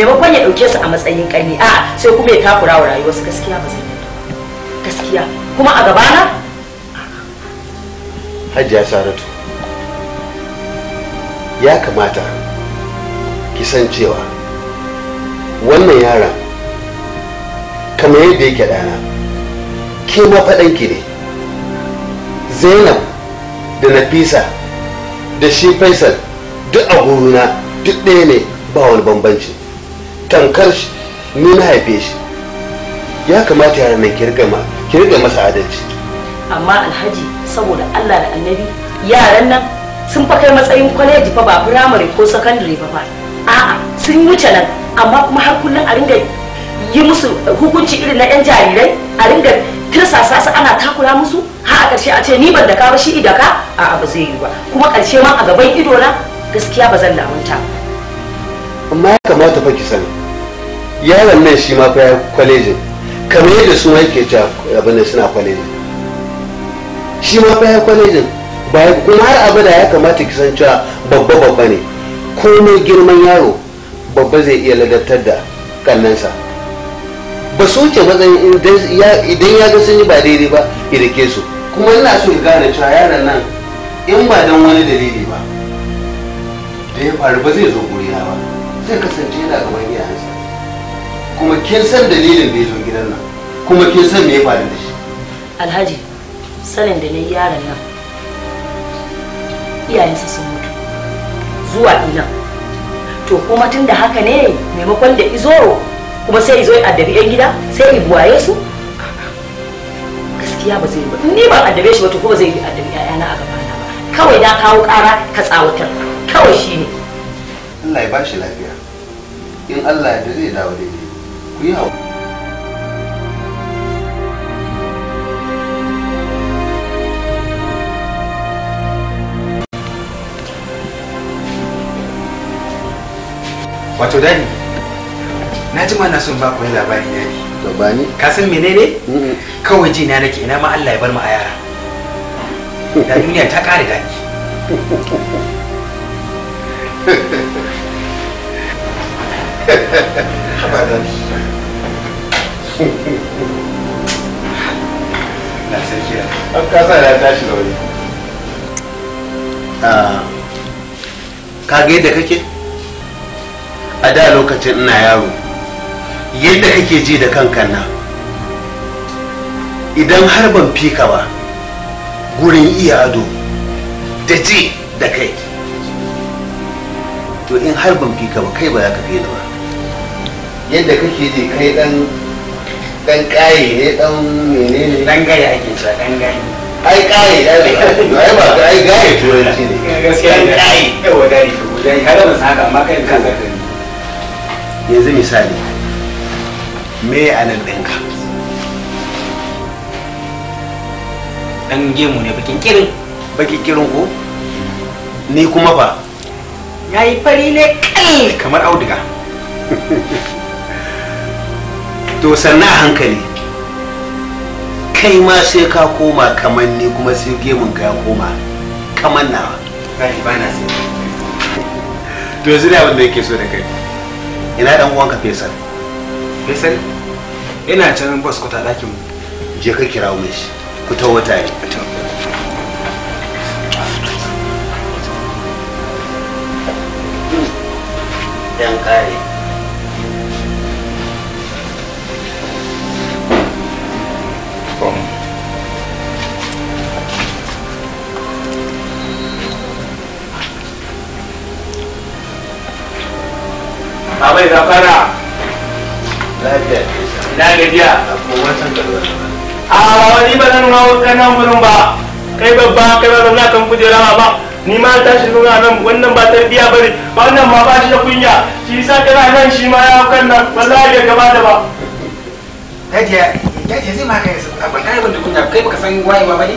maimakon ya ɗauke su a matsayin ƙarni a sai kuma ya takura wa rayuwarsu gaskiya ba zai yadda gaskiya kuma a gabana hajiya saratu ya kamata ki san cewa wannan yaron kama yadda yake ɗana ke mafaɗanki ne zainab da nafisa da shi faisal duk a guruna duk ɗaya ne ba wani bambanci tankar shi ni na haife shi ya kamata yaran nan ki riga masa adalci amma alhaji saboda Allah da annabi yaran nan sun fa kai matsayin kwaleji fa ba firamare ko sakandare ba a'a sun wuce nan amma kuma har kullum a ringa yi musu hukunci irin na yan jarirai a ringa tirsasa su ana takura musu har a ƙarshe a ce ni ban da ka ba shi idaka a'a ba zai yi ba kuma ƙarshe ma a gaban ido na gaskiya ba zan lamunta amma ya kamata fa ki sani yaron nan shi ma fa ya kwalejin kamar yadda su yake ta abin da suna kwalejin shi ma fa ya kwalejin ba kuma har abada ya kamata ki san cewa babba babba ne komai girman yaro babba zai iya ladattar da kannansa ba su wuce matsayin idan ya ga sun yi ba daidai ba irike su kuma ina so gane cewa yaron nan in ba don wani dalili ba da ya faru ba zai zo gurina ba zai kasance yana gaban iya kuma kin san dalilin da ya zo gidan nan kuma kin san me ya faru da shi alhaji sanin da na yaron nan iyayensa sun mutu zuwa ina to kuma tun da haka ne maimakon da izo kuma sai izo a yan gida sai ya buwaye su gaskiya ba zai ba ni ban addabe shi ba to kuma zai yi addabi yana a gabana ba kawai na kawo ƙara ka tsawatar kawai shine Allah ya bashi lafiya in Allah ya zai dawo daidai wato Dani, na ji na son ba ku yi labari dadi to ba ni ka san menene kawai ji na nake ina ma Allah ya bar mu a yara da duniya ta kare dadi Ba da ni. na ah, sarki kake a da lokacin ina yaro yadda kake ji da kankan na idan har ban fika ba gurin iya ado da ji da kai to in har ban fika ba kai ba ya ka da ba yadda kake ji kai dan dan kaye ne dan menene dan gaya ake sa dan gaya ai kaye ai ba ai gaya turanci ne eh, gaskiya ne kaye yawa dai to dai har da saka amma kai ka saka ne yanzu misali me anan ɗinka dan gemu ne bakin kirin bakin kirin ko ni kuma fa yayi fari ne kal kamar auduga to sannan a hankali kai ma sai ka koma kamar ni kuma sai gemun ka ya koma kamar nawa to yanzu da wanda yake so da kai ina dan uwanka fesal fesal ina can bas kwata mu. je ka kira mai shi ku ta wata ne yan kare abai da fara lafiya na gajiya a wani ba nan ma kanan wurin ba kai babba kai ba na kan kujera ba ni ma ta shi nuna nan wannan ba tarbiya ba ne wannan ma ba shi da kunya shi sa kana nan shi ma ya kan nan wallahi ya da ba gajiya gajiya zai ma kai akwai ɗalibin da kunya kai baka san wayewa ba ne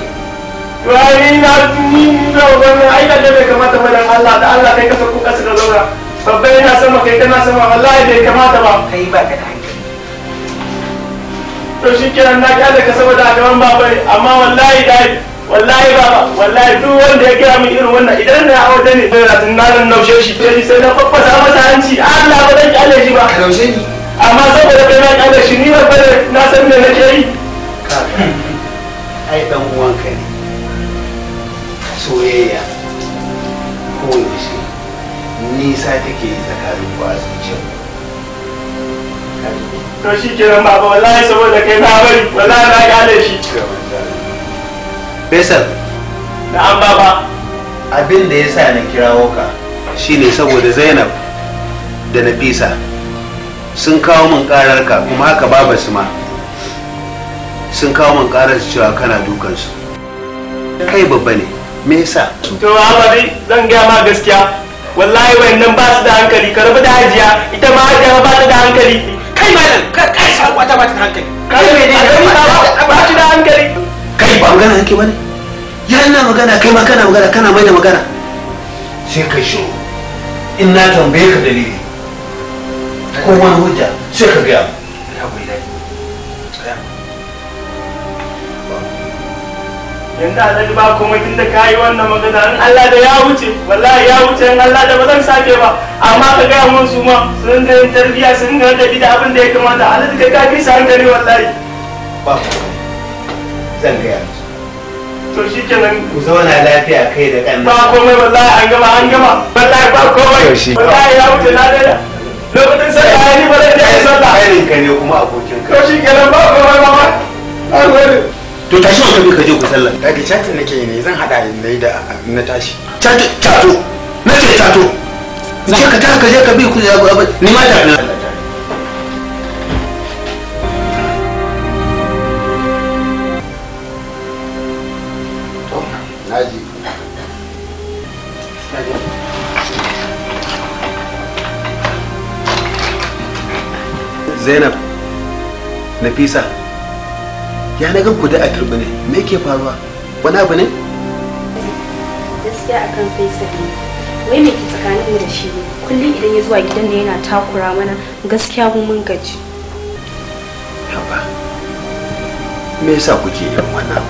Wai na tuni da wannan aikata bai kamata ba dan Allah da Allah kai ka sako kasa da zaura. babba yana sama kai kana sama wallahi bai kamata ba kai ba ka da to shi na kyale ka saboda da baba amma wallahi dai wallahi baba wallahi duk wanda ya gaya min irin wannan idan na aure ne sai na nan naushe shi sai sai na hanci Allah ba zan shi ba naushe ni amma saboda kai na kyale shi ni babba na san me nake yi ai dan uwanka ne soyayya ko ne nisa take yi tsakanin ku a zuciyar to shi ke nan baba wallahi saboda kai na bari wallahi na gane shi Faisal na'am baba abin da yasa na kirawo ka shine saboda Zainab da Nafisa sun kawo min karar ka kuma haka baba su ma sun kawo min karar cewa kana dukansu kai babba ne me yasa to baba zan gaya ma gaskiya wallahi wayannan ba su da hankali ka rabu da hajiya ita ma hajiya ba ta da hankali kai malam ka kai sa kwata ba ta hankali kai me ne ba ta da hankali kai ba magana kake bane ya ina magana kai ma kana magana kana mai da magana sai kai shi in na tambaye ka dalili ko wani hujja sai ka gaya yanda alhaji ba komai tun da kayi wannan magana in Allah da ya wuce wallahi ya wuce in Allah da ba zan sake ba amma ka gaya mun su ma sun da yin sun ga da bid'a abin da ya kamata alhaji kai ka fi san gari wallahi ba zan gaya musu to shi kenan ku zauna lafiya kai da kan ba komai wallahi an gama an gama wallahi ba komai wallahi ya wuce na da lokacin sai ya ni ba da ya sallah kai ne kuma abokin ka to shi kenan ba komai ba ba to tashi wa kabi ka je ku sallah daga chat nake ne zan hada ne da na tashi chat chato nake chato je ka ta ka ka bi ku ni ma ta na Zainab Nafisa ya na gan ku da a turbine me ke faruwa wani abu ne gaskiya akan fesa ne wai me ke tsakanin mu da shi ne kullum idan ya zuwa gidan ne yana takura mana gaskiya mun mun gaji haba me yasa kuke irin wannan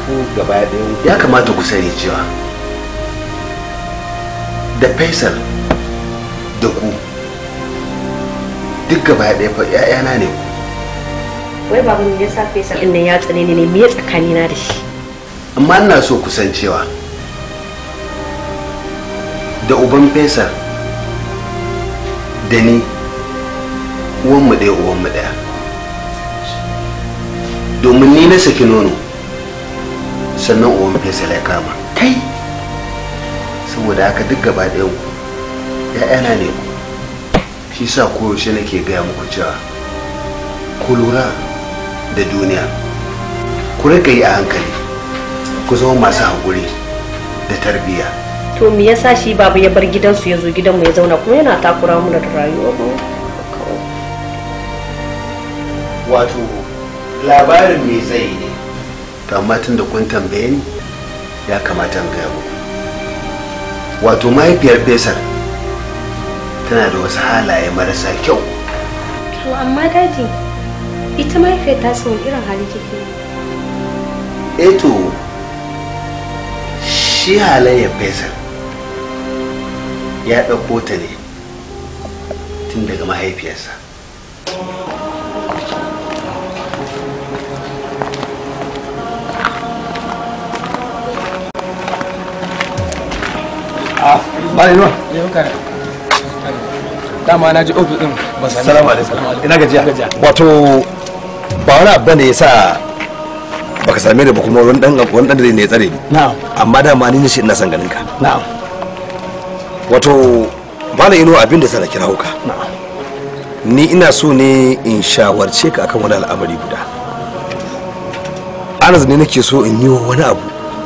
abu ku gaba ya kamata ku sani cewa da faisal da ku duk gaba ɗaya fa 'ya'yana ne ku wai babu ne yasa fesa din nan ya tsane ne me tsakani na da shi amma ina so kusan cewa da uban fesa da ni uwanmu ɗaya mu ɗaya domin ni na saki nono sannan uwan fesa ya kama kai saboda haka duk gaba ɗaya ku ‘ya'yana ne ku shi sa koyaushe nake gaya muku cewa ku da duniya ku rika yi a hankali ku zama masu haƙuri da tarbiyya to me yasa shi babu ya bar gidansu ya zo gidanmu ya zauna kuma yana takura mu da rayuwar mu wato labarin me zai ne to amma tun da kun tambaye ni ya kamata in gaya muku wato mahaifiyar fesar tana da wasu halaye marasa kyau to amma daji ita mahaifiyar ta wani irin hali kike eto eh shi halayyar faisal ya ɗauko ta ne tun daga mahaifiyarsa ah, Bale nuwa? Dama na ji ofis din ba sami. Salamu alaikum. Ina gajiya. Wato ba wani abu ne ba ka same da ba kuma wani dan da ne ya tsare ni amma da ma ni ne shi ina san ganin ka na'am wato ino abin da sana kira ka ni ina so ne in shawarce ka akan wani al'amari guda anas ne nake so in yi wa wani abu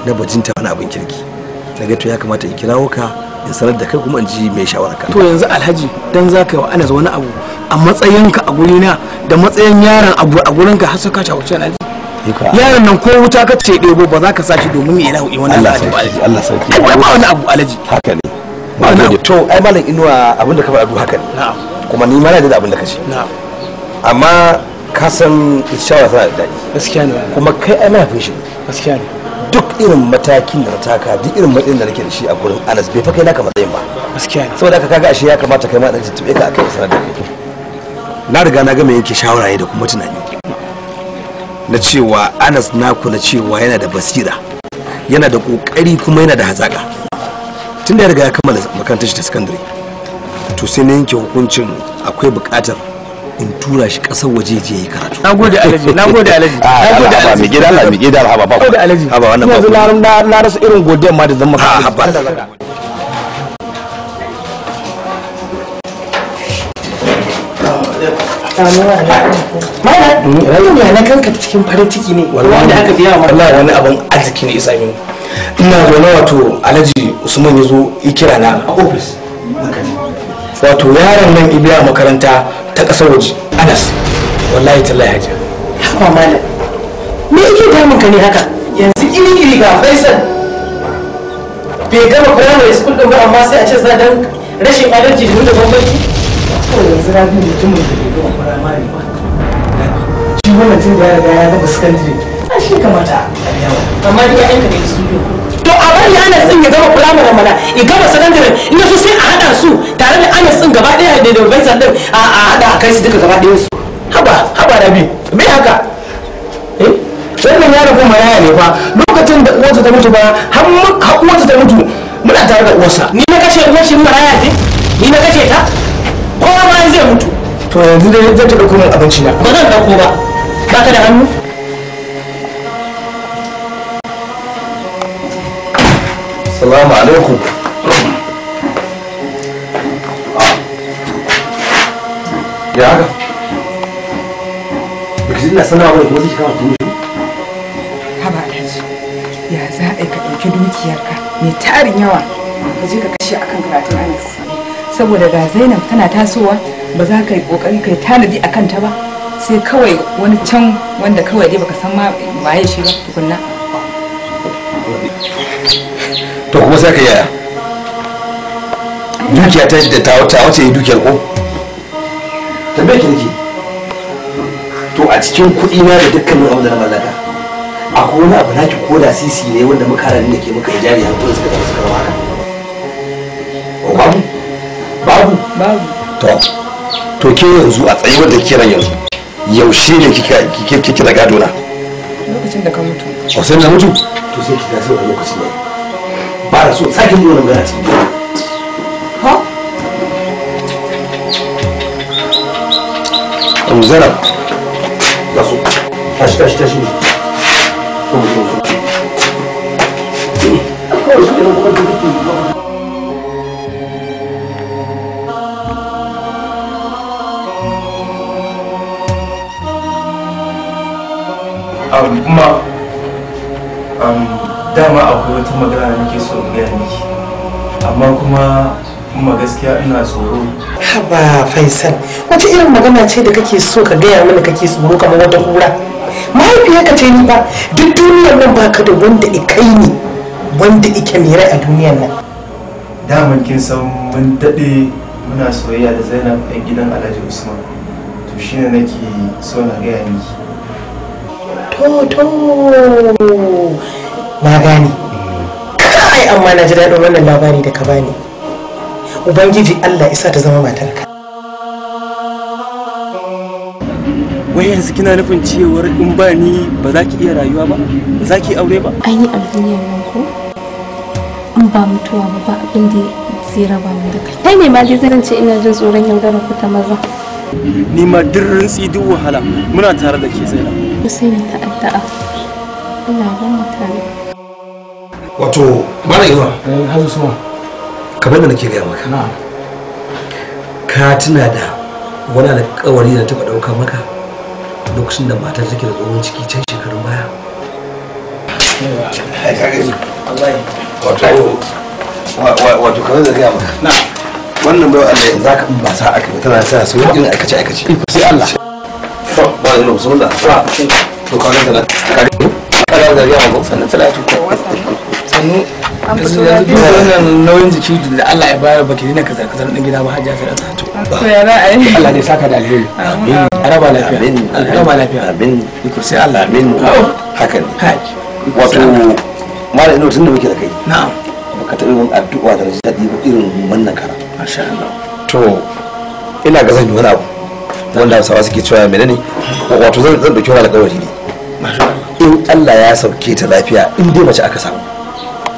na bajinta wani abin kirki daga to ya kamata in kira ka in sanar da kai kuma in ji mai shawararka to yanzu alhaji dan za ka yi wa anas wani abu a matsayinka a gurina da matsayin yaron a gurinka har sai ka shawarci alhaji yaron nan ko wuta ka ce ɗebo ba za ka sa shi domin ya lahu wani alhaji ba alhaji Allah sarki ba wani abu alhaji haka ne to ai malam inuwa abinda ka faɗa haka ne na'am kuma ni ma na da abinda ka ce na'am amma ka san shawara tana da daɗi gaskiya ne kuma kai ai mahaifin shi gaskiya ne duk irin matakin da na taka duk irin matsayin da nake da shi a gurin anas bai fa kai naka matsayin ba gaskiya saboda aka kaga ashe ya kamata kai ma da tuɓe ka akai sanar da kai na riga na gama yanke shawaraye da kuma tunani na cewa anas naku na cewa yana da basira yana da kokari kuma yana da hazaka tun da ya riga ya kammala makarantar shi ta sakandare to sai na yanke hukuncin akwai bukatar in tura shi kasar waje je yi karatu na gode alaji na gode alaji ah, na gode alaji mi gida alaji. mi gida alaji. ba gode alaji haba wannan ba yanzu na na rasa irin godiyar ma da zan maka ah, haba Mana, na kanka cikin farin ciki ne. Wallahi da aka biya wa. wani abin arziki ne isa Ina zaune wato Alhaji Usman ya zo ya kira na. A ofis. Wato yaron nan ibiya makaranta ta ƙasar waje anas wallahi tallahi hajiya haba malam me yake damun ka ne haka yanzu kiri iri ga faisal bai gama primary school din ba amma sai a ce za dan rashin adalci da bambanci to yanzu na bin mutumin da bai gama primary ba shi wannan tun da ya riga ya gama secondary a shi kamata a yawa amma dai ya aika da su biyu ya anas tsin ya gama firamare mana ya gama sakandare in yaso sai a haɗa su tare da ana tsin gaba ɗaya da professor din a haɗa a kai su duka gaba daya su haba haba rabi me haka eh wannan yaro kuma yaya ne fa lokacin da uwarsa ta mutu ba har uwarsa ta mutu muna tare da uwarsa ni na kashe uwar shi maraya ce ni na kashe ta kowa ma zai mutu to yanzu dai zai ta dauko min abinci na ba zan dauko ba ba ka da hannu salamu alaikum ya haka bikin na sana wani kuma zai kama tuni haba alhaji ya za a ka ɗauki dukiyarka mai tarin yawa ka je ka kashe akan karatun anas saboda da zainab tana tasowa ba za ka yi ƙoƙari ka yi tanadi a kanta ba sai kawai wani can wanda kawai dai baka san ma waye shi ba tukunna to kuma sai ka yaya dukiya ta shi da ta tawa ce dukiyar ko tambaye ki nake to a cikin kuɗi na da dukkanin abin da na mallaka akwai wani abu naki ko da sisi ne wanda muka da ke muka jari har ko suka tafi suka rawa haka babu babu babu to to ke yanzu a tsayi wanda kiran yanzu yaushe ne kika kike kike da gado lokacin da ka mutu to sai na mutu to sai kika sai a lokacin ne ƙara so sake nuna magana ce Zara, so, tashi tashi tashi Kuma kuma kuma dama akwai wata magana da nake amma kuma kuma gaskiya ina tsoro haba faisal wata irin magana ce da kake so ka gaya mana kake tsoro kamar wata kura mahaifiya ka ce ni ba duk duniyar nan baka da wanda ikai ne wanda ike mai a duniyar nan daman kin san mun daɗe muna soyayya da zainab a gidan alhaji usman to shine nake so na gaya miki to to na gane kai amma na ji daɗin wannan labari da ka bani ubangiji allah isa ta zama matarka wai yanzu kina nufin cewar in ba ni ba za ki iya rayuwa ba ba za ki aure ba an yi alfiniyar nan ko in ba mutuwa ba ba abin da zai raba ni da kai kai ne ma dai zan ce ina jin tsoron yaudara ku ta maza ni ma duk rintsi duk wahala muna tare da ke zaina ku sai ni ta ina ga mutane wato mara yawa kamar da nake gaya maka ka tuna da wani alƙawari da taɓa ɗauka maka lokacin da matar take da tsohon ciki can shekarun baya wato kamar da gaya maka wannan bai wanda za ka ba sa aka yi tana sa su irin aikace aikace sai Allah ba da musulun da to kawai da na kare da gaya maka sannan talatu kawai sannu nauyin jiki da Allah ya bayar baki dina kaza kaza din gida ba da to ya a yi Allah ne saka da alheri araba lafiya amin araba lafiya amin iko sai Allah amin haka ne wato mallam ina tunda muke da kai na'am baka taɓa yin addu'a da ji ba irin wannan kara masha Allah to ina ga zan yi wani abu wanda sawa suke cewa menene wato zan zan dauki wani alƙawari ne in Allah ya sauke ta lafiya in dai mace aka samu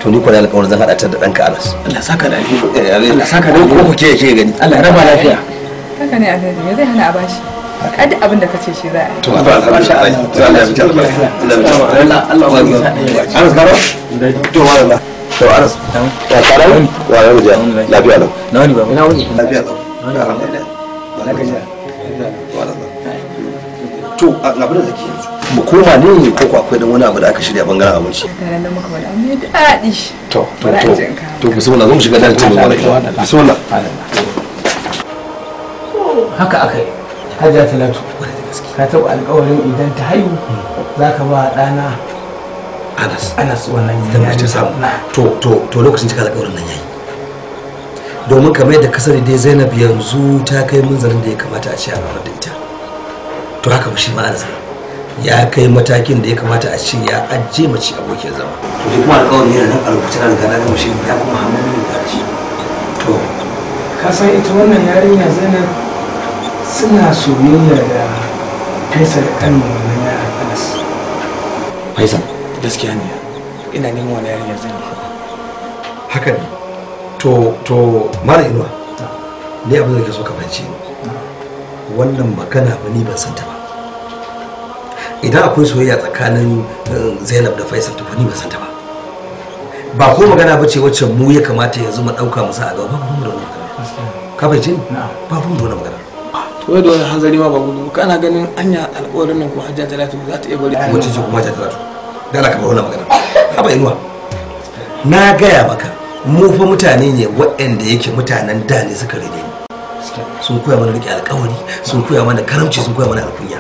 to ni kwana alƙawar zan haɗa ta da ɗanka anas Allah saka da alheri eh, eh, Allah saka da alheri ko ke ke gani Allah raba lafiya haka ne alheri me zai hana a bashi a abin da kace shi za a yi to Allah albarka Allah ya fita albarka Allah Allah Allah anas garo to wala to anas ya karau wa ya wuce lafiya lau na wani ba na wani lafiya lau to abin da zaki yanzu mu koma ne ko ko akwai dan wani abu da aka shirya bangaren abinci to to to to bismillah zo mu shiga dan cikin wani bismillah haka aka yi hajja talatu ka taɓa alƙawarin idan ta haihu hmm. za ka ba ɗana anas anas wannan ya ce samu to to to lokacin cika alƙawarin nan yayi domin kamar yadda ka sani dai zainab yanzu ta kai munzarin da ya kamata a ce a da ita to haka shi ma anas ne ya kai matakin da ya kamata a ce ya ajiye mace abokin zama to duk ma alƙawari yana nan a rubuce da riga ya kuma hannun min ƙarshe to ka san ita wannan yarinya zainab suna soyayya da fesa da kan wannan yaran anas faisal gaskiya ne ina neman wani yarinya zainab haka ne to to mara inuwa ne abin da ke so ka fahimci wannan magana ba ni ban san ta ba idan akwai soyayya tsakanin eh, zainab da faisal to ni ba santa ba ba ko magana ba ce wacce mu ya kamata yanzu mu dauka musa a gaba ba mu da wannan magana ka bai jin ba mu da wannan magana to wai wani hanzari ma ba gudu kana ganin anya alƙawarin nan ko hajja talatu za ta iya bari wacce ce kuma hajja talatu da ka ba wannan magana ka ba inuwa na gaya maka mu fa mutane ne waɗanda yake mutanen da ne suka rene ni sun koya mana riƙe alƙawari sun koya mana karamci sun koya mana alkunya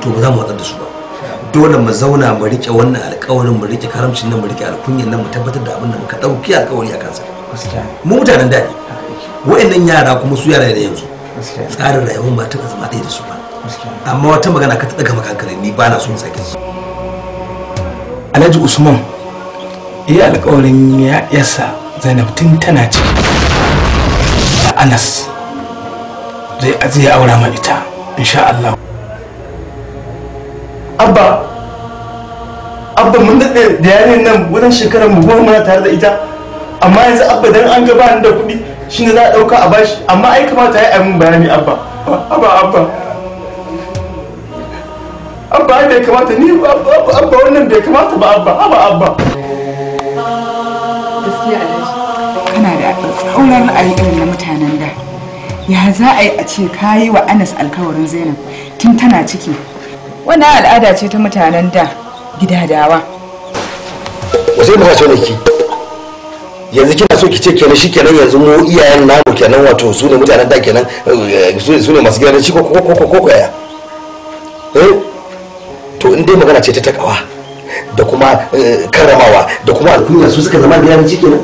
to ba za mu watsar da su ba dole mu zauna mu rike wannan alƙawarin mu rike karamcin nan mu rike alkunyan nan mu tabbatar da abin da muka dauki alƙawari a kansa mu mutanen daɗi wa'annan yara kuma su yara da yanzu tsarin rayuwar ba ta zama ɗaya da su ba amma wata magana ka ta daga maka hankali ni ba na son sake su Alhaji Usman ya eh, alƙawarin ya yasa Zainab tun tana ci da Anas zai aure ma ita insha Allah abba abba mun daɗe da yarin nan wajen shekarar mu goma muna tare da ita amma yanzu abba dan an gaba da kuɗi shine za a ɗauka a bashi amma ai kamata ya yi min bayani abba abba abba abba bai kamata ni abba abba wannan bai kamata ba abba abba abba kana da tsauran ra'ayi irin na mutanen da ya za a yi a ce ka yi wa anas alkawarin zainab tun tana ciki wannan al'ada ce ta mutanen da gidadawa sai muka ne ki yanzu kina so ki ce kenan shi kenan yanzu mu iyayen namu kenan wato su ne mutanen da kenan eh, su ne masu gidan shi ko ko ko ko Eh to in dai magana ce ta takawa da kuma eh, karramawa da kuma alkunya su suka zama gidan ciki kenan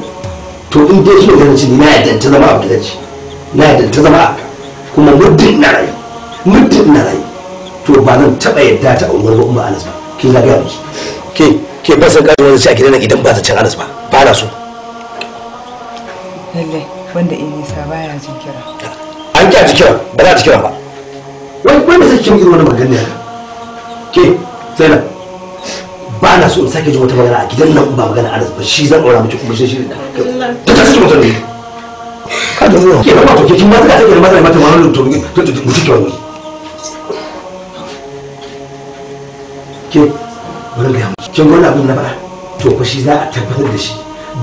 to in dai suna gidan ciki na yadda ta zama a gidan na yadda ta zama kuma muddin na rayu muddin na rayu to ba zan taɓa yadda ta auri ba umma anas ba ke za ga ke ke ba san ci a gidan idan ba ta can anas ba ba na so lalle wanda in nisa baya jin kira an kya ji kira ba za ta kira ba wai wanda sai kin irin wani magana ne ke sai na ba na so in sake jin wata magana a gidan nan ba magana anas ba shi zan aura miki kuma shi shi da ta ta saki mutane ka da zuwa ke ba ma to ke kin ma ta ta ke ma ta ma to to to to ke bari ga musu kin gona abin na faɗa to fa shi za a tabbatar da shi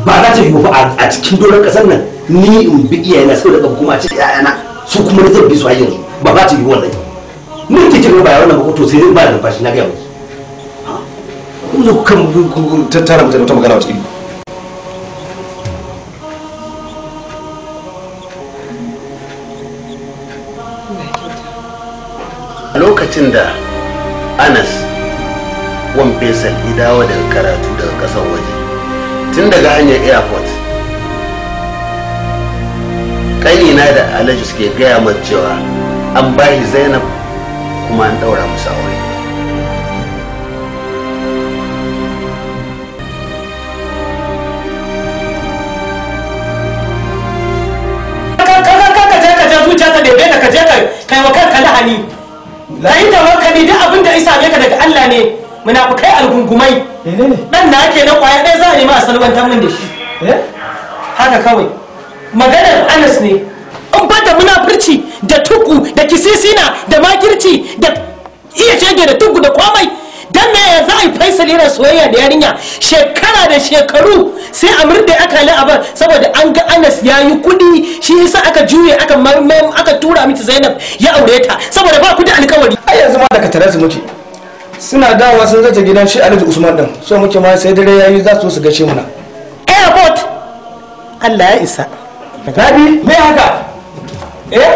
ba za ta yiwu ba a cikin doron ƙasar nan ni in bi iyayena saboda kan kuma a cikin na. su kuma na zai bi su a yanzu ba za ta yiwu wannan ni ke kira ba wannan ba to sai zai ba da numfashi na ga musu kun zo kan tattara mutane ta magana wata iri a lokacin da anas wan fesal idawa daga karatu daga kasar waje tun daga hanyar airport kanina da alhaji suke gaya mata cewa an bashi zainab kuma an daura musu aure kai wa kanka lahani ka yi tawakkali duk abin da isa ka daga Allah ne munafukai algungumai dan da ake na kwaya ɗaya za a nemi a salwantar min da shi eh? haka kawai maganar anas ne in bada munafurci da tuku da kisisina da makirci da iya shege da tuku da kwamai dan me za a yi faisal yana soyayya da yarinya shekara da shekaru sai a murda a bar saboda an ga anas ya yi kuɗi shi yasa aka juye aka aka tura miki zainab ya aure ta saboda ba kudi alkawari ai yanzu ma daga tare su muke suna dawowa sun zata gidan shi alhaji usman din so muke ma sai dare yayi za su su gace muna airport allah ya isa rabi me haka eh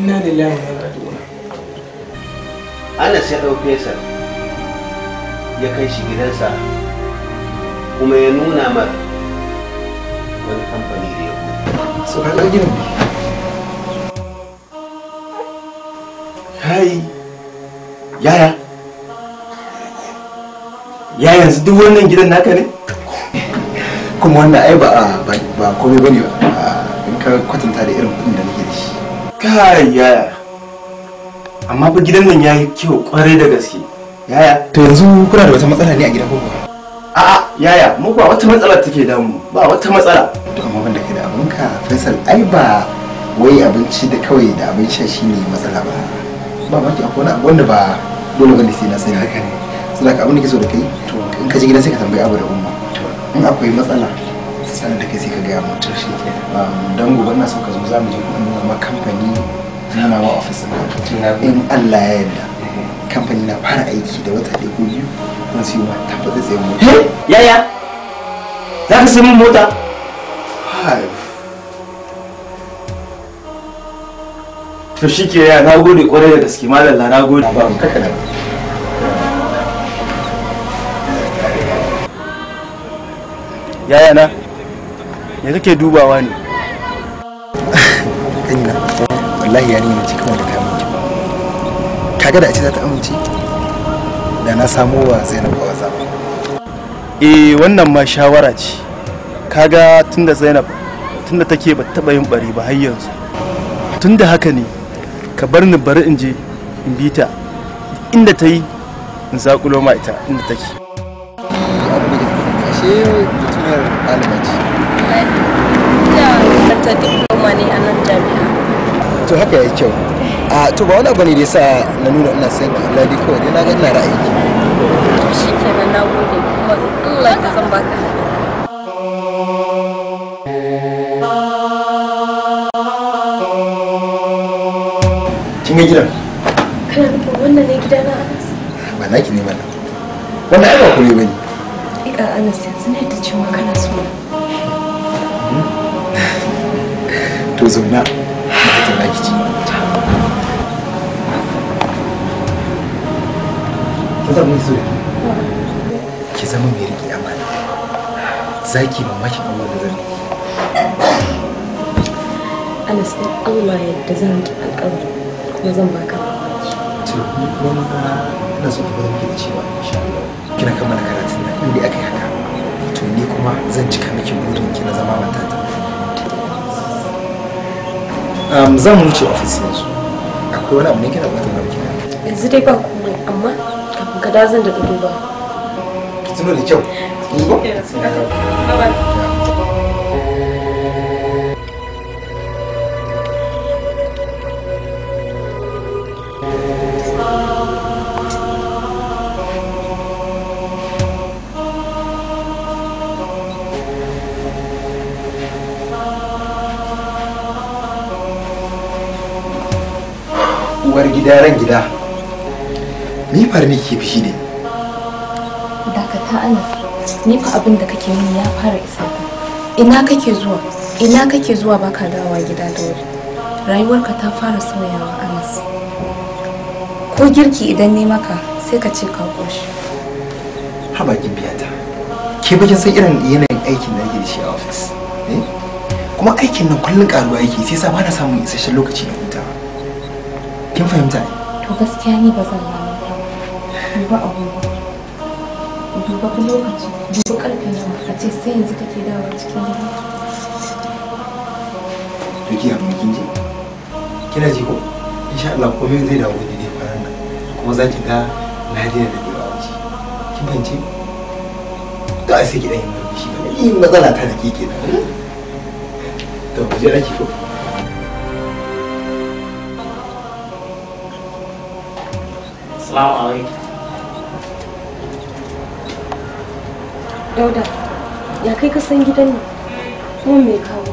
inna lillahi wa inna ilaihi Anas ya dauke sa ya kai shi gidansa kuma ya nuna ma wani kamfani da ya kuma. Sauran ɗan gidan. Hai. yaya ya yanzu duk wannan gidan naka ne kuma wannan ai ba ba komai bane ba ah, in ka kwatanta da irin kudin da nake da shi kai yaya amma fa gidan nan yayi kyau kwarai da gaske yaya to yanzu kuna da wata matsala ne a gidan a a'a yaya mu ba wata matsala take damu ba wata matsala to amma banda kai da abinka Faisal ai ba wai abinci da kawai da abin sha shine matsala ba ba ki akwai wani abu wanda ba dole wanda sai na sani haka ne ka abin da ke so da kai to in ka ji gida sai ka tambayi abu da umma in akwai matsala sanar da kai sai ka gaya mu to shi ke dan gobe ina son ka zo za mu je kuma ma kamfani nuna wa office in Allah ya yarda kamfani na fara aiki da wata ɗaya ko biyu don su ma tabbata tsayin yaya za ka sai mun mota to shi ke ya nagode kwarai da gaske na nagode ba mu kaka da yaya na ya kake dubawa ne ina wallahi ya nemi cikin wanda ta amince kaga da a ce za ta amince da na samo wa zainab ba waza eh wannan ma shawara ce kaga tunda zainab tunda take ba taɓa yin bari ba har yanzu tunda haka ne ka bar ni bari in je in bi ta inda ta yi in zaƙulo ma ita inda take ashe mutumiyar ɗaliba ce ta diploma ne a nan jami'a to haka ya kyau a to ba wani abu ne da yasa na nuna ina son ki ladi kawai dai na ga ina ra'ayi ne gidan kana nufin wannan ne gida na anas ba naki ne mana wannan ai ba kure bane ika eh, anas yanzu ne ta cewa kana so to zauna ta naki ki zama mai ki zama mai riƙe amana zaki mamakin Allah da zan Anas ɗin Allah yadda zan riƙe alƙawari gaskiya zan baka to ni kuma na ba na so ba ki cewa kina kammala karatun nan inda aka haka to ni kuma zan cika miki burin ki na zama matata um, zan wuce ofis yanzu akwai wani abu ne kina bukatar na yanzu dai ba komai amma kafin ka da zan da duba ki tuno da kyau Bye bye. gida gida ni far ne ke fishi ne dakata anas ni fa abin da kake yi ya fara isa ina kake zuwa ina kake zuwa baka dawowa gida da wuri rayuwarka ta fara sauyawa anas ko girki idan ne maka sai ka ce ka koshi haba biya biyata ke bakin san irin yanayin aikin da yake da shi a ofis eh? kuma aikin nan kullun karuwa yake sai sa ba na samun isasshen lokaci da kin fahimta to gaskiya ni ba zan lamanta duba abubuwa duba ku lokaci duba karfin nan a ce sai yanzu kake dawowa cikin gida to ki amma kin ji kina ji ko insha Allah komai zai dawo daidai kwanan nan kuma za ki ga ladiya da dawa ce kin fahimci to sai ki dan yi murmushi ba ni matsala ta da ke kenan to ku je aiki ko mau ơi ya kai ka san gidan ne kuma me kawo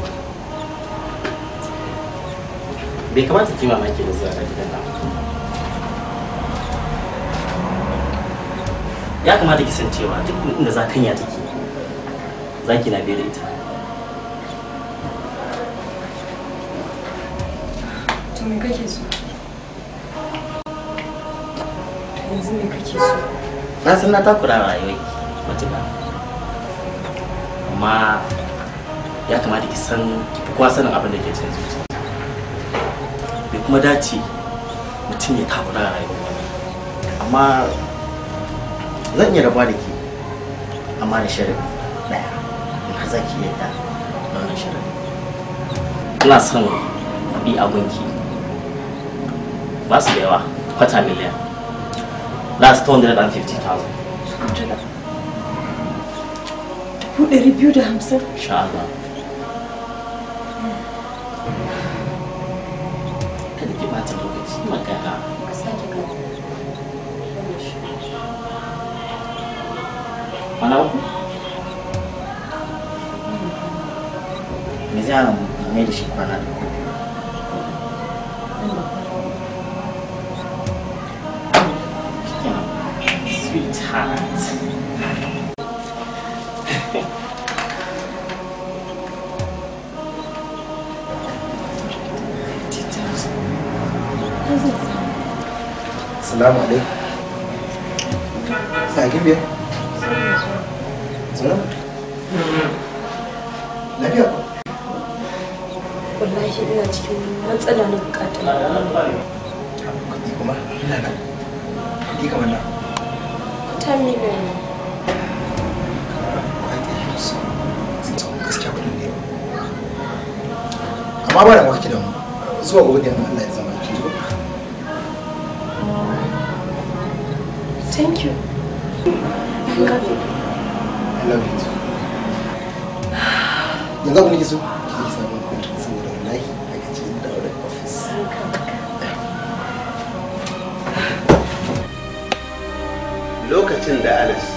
bai kamata ki mamaki da zuwa gidan nan ya kamata ki san cewa duk inda za kanya take zaki na bere ita to me kake so yanzu me na san na takura amma ya kamata ki san ki fi sanin abin ke cin zuciya bai kuma dace mutum ya takura rayuwa amma zan iya rabuwa da amma da daya in har za ki yadda da wannan shirin ina son kuɗi a gunki ba su da yawa kwata miliyan That's 250,000. Dubu ɗari biyu da hamsin? Insha Allah. Kada ne ɓata lokaci magana. Kwana uku? Me zai mai da Assalamu alaikum. Na gibe. Lafiya ko? Wallahi ina cikin matsala na bukata. Kuɗi kuma ina nan. Kuɗi kamar nan. Kuta miliyan ne. ne. Amma ba da maka zuwa gobe Allah ya Thank you. I love you. love you too. da a Lokacin da Alice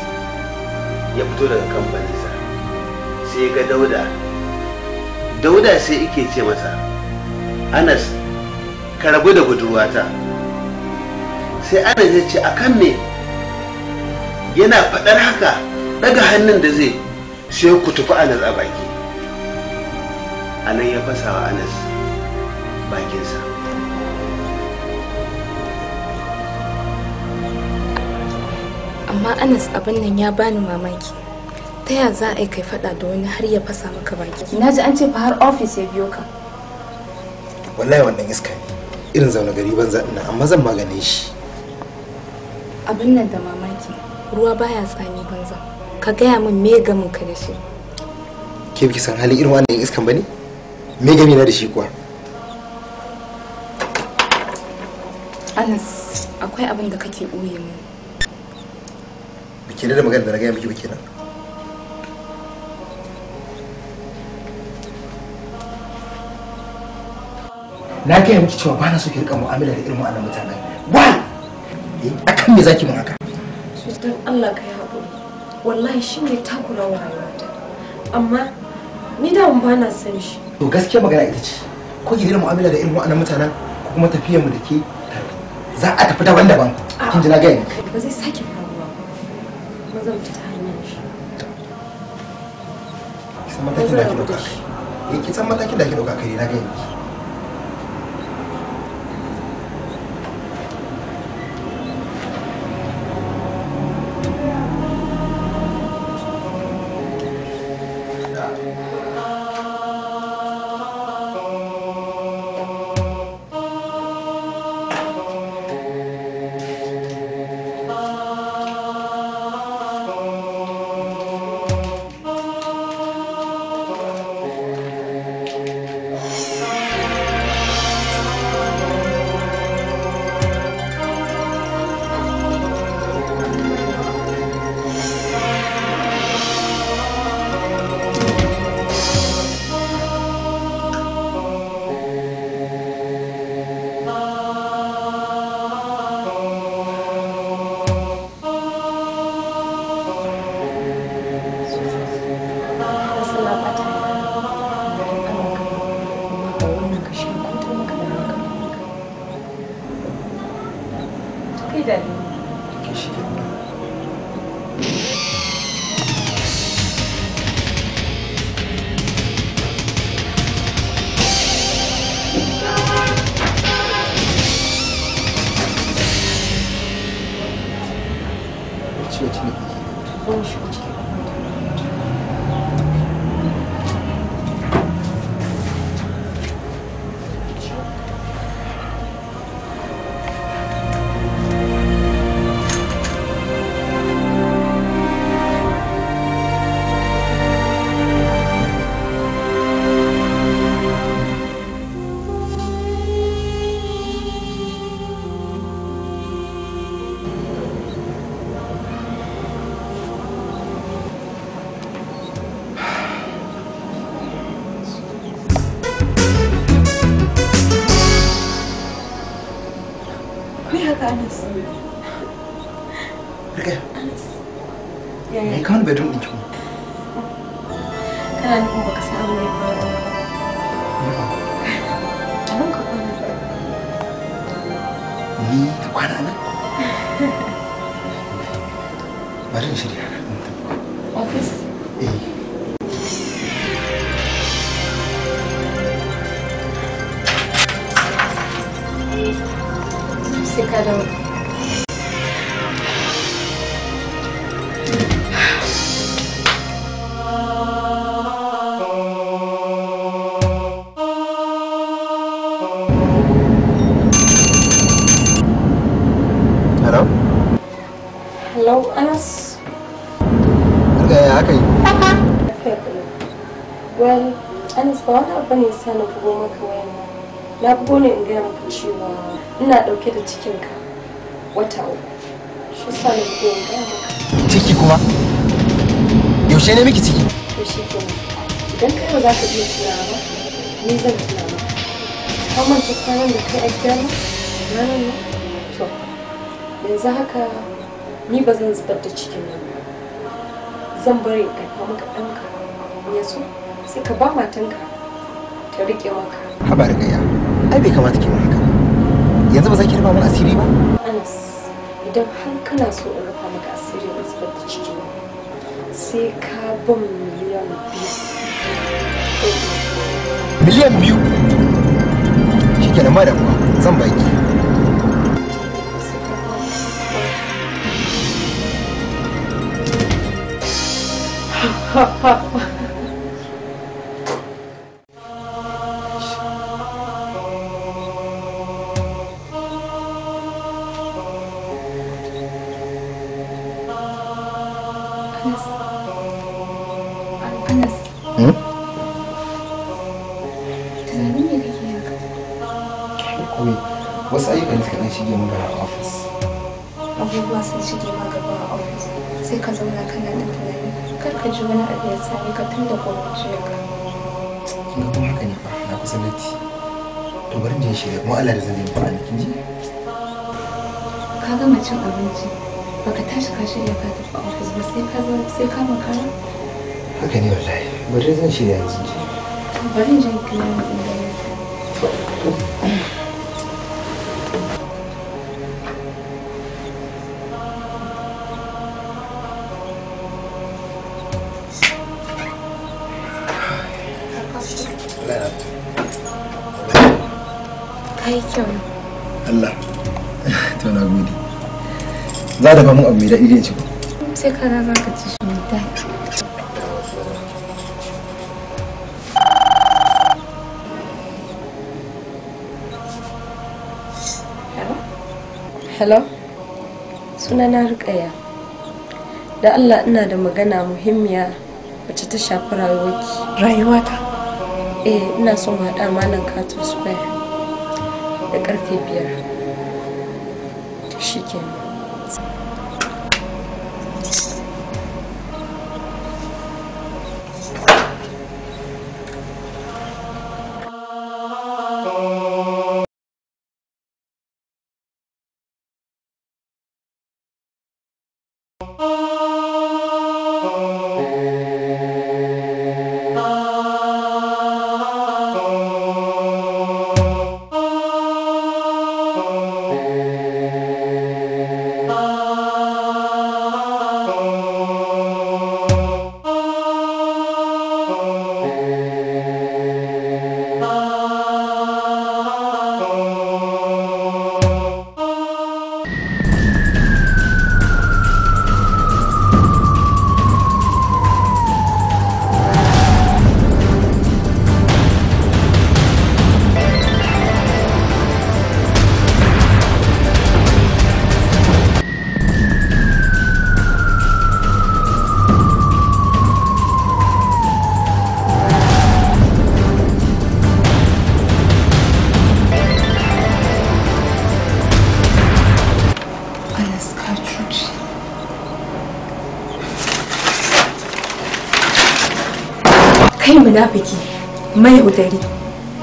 ya fito daga kamfaninsa sai ga Dauda. Dauda sai ike ce masa, Anas, ka da budurwata. Sai Anas ya ce, a kan me? yana faɗar haka daga hannun da zai sai ku tufi anas a baki anan ya fasa wa anas bakinsa amma anas abin nan ya bani mamaki ta ya za a yi kai fada da wani har ya fasa maka baki na ji an ce fa har ofis ya biyo ka wallahi wannan iska ne irin zaune gari ban ina amma zan magane shi abin nan da mamaki ruwa baya tsami banza ka gaya min me gamin ka da shi ke biki san hali irin wannan iskan bane me gami na da shi kuwa Anas akwai abin da kake ɓoye mu biki da magana da na gaya miki ba kenan na gaya miki cewa ba na so ki rika mu'amala da irin wannan mutanen why eh, akan me zaki mun haka sultan allah ka yi haƙuri wallahi shi ne takura wa rayuwata amma ni da ba na san shi to gaskiya magana ita ce ko ki daina mu'amala da irin wa'annan mutanen ko kuma tafiyar mu da ke za a tafi daban-daban kin ji na gaya ba zai sake faruwa ba zan fita hanyar shi san matakin da Ki ɗauka kai eh, san matakin da ki ɗauka kai na ga miki ba ne sa na bugo maka wayan na bugo ne in gaya maka cewa ina ɗauke da cikinka wata uku shi sa na bugo in gaya maka ciki kuma yaushe ne miki ciki to shi ke idan kai ba za ka iya tuna ba ni zan tuna ba ka manta kwanan da kai a gida ba ranar nan to yanzu haka ni ba zan zubar da cikin nan ba zan bari ka karfa maka ɗanka ya so sai ka ba matanka ta rike wanka haba ai bai kamata ki haka yanzu ba za ki rufa mun asiri ba anas idan har kana so in rufa maka asiri a zubar da ciki sai ka bin miliyan biyu miliyan biyu Shi kenan ma da zan baki ha ha ha kin kuma haka ne fa na kusa to bari je kuma Allah da zai yi kin ji ka gama cin abinci baka tashi ka shirya ka tafi ofis ba sai ka sai ka makara haka ne wallahi bari zan shirya yanzu bari je kira ni za da ba mun abu mai daɗi zai ci sai ka za ka ci shi mai daɗi hello Suna na rikaya. da allah ina da magana muhimmiya wacce ta shafi rayuwarki rayuwata eh ina son haɗa malam katon square da ƙarfe biyar Oh! dare